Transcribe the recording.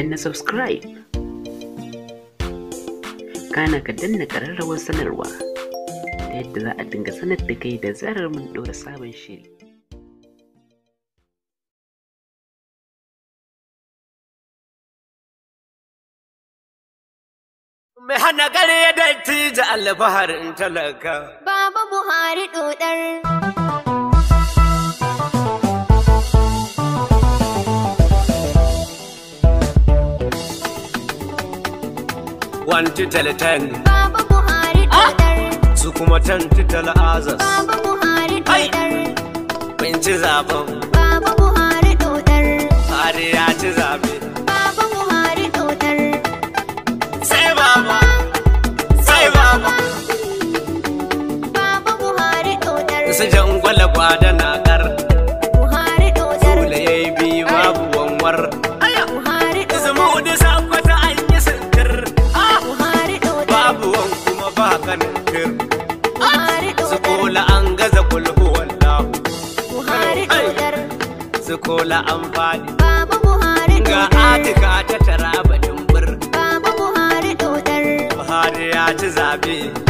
danna subscribe kana ka danna ƙararrawar sanarwa ta yadda za a dinga sanar da kai da zarar mun ɗora sabon shiri Mai hana gare ya dalti da talaka. Baba Buhari ɗoɗar. wanti talten baba buhari dadar ah! su kuma tanti talazas baba buhari dadar mun ci zaben baba buhari dodar buhari ya ci baba buhari dodar sai baba sai baba baba buhari dodar su jangwala gwada na su kola amfani. Baba Buhari Ga atika ta tara batun bir. Baba Buhari dodar. Buhari ya ci zabe.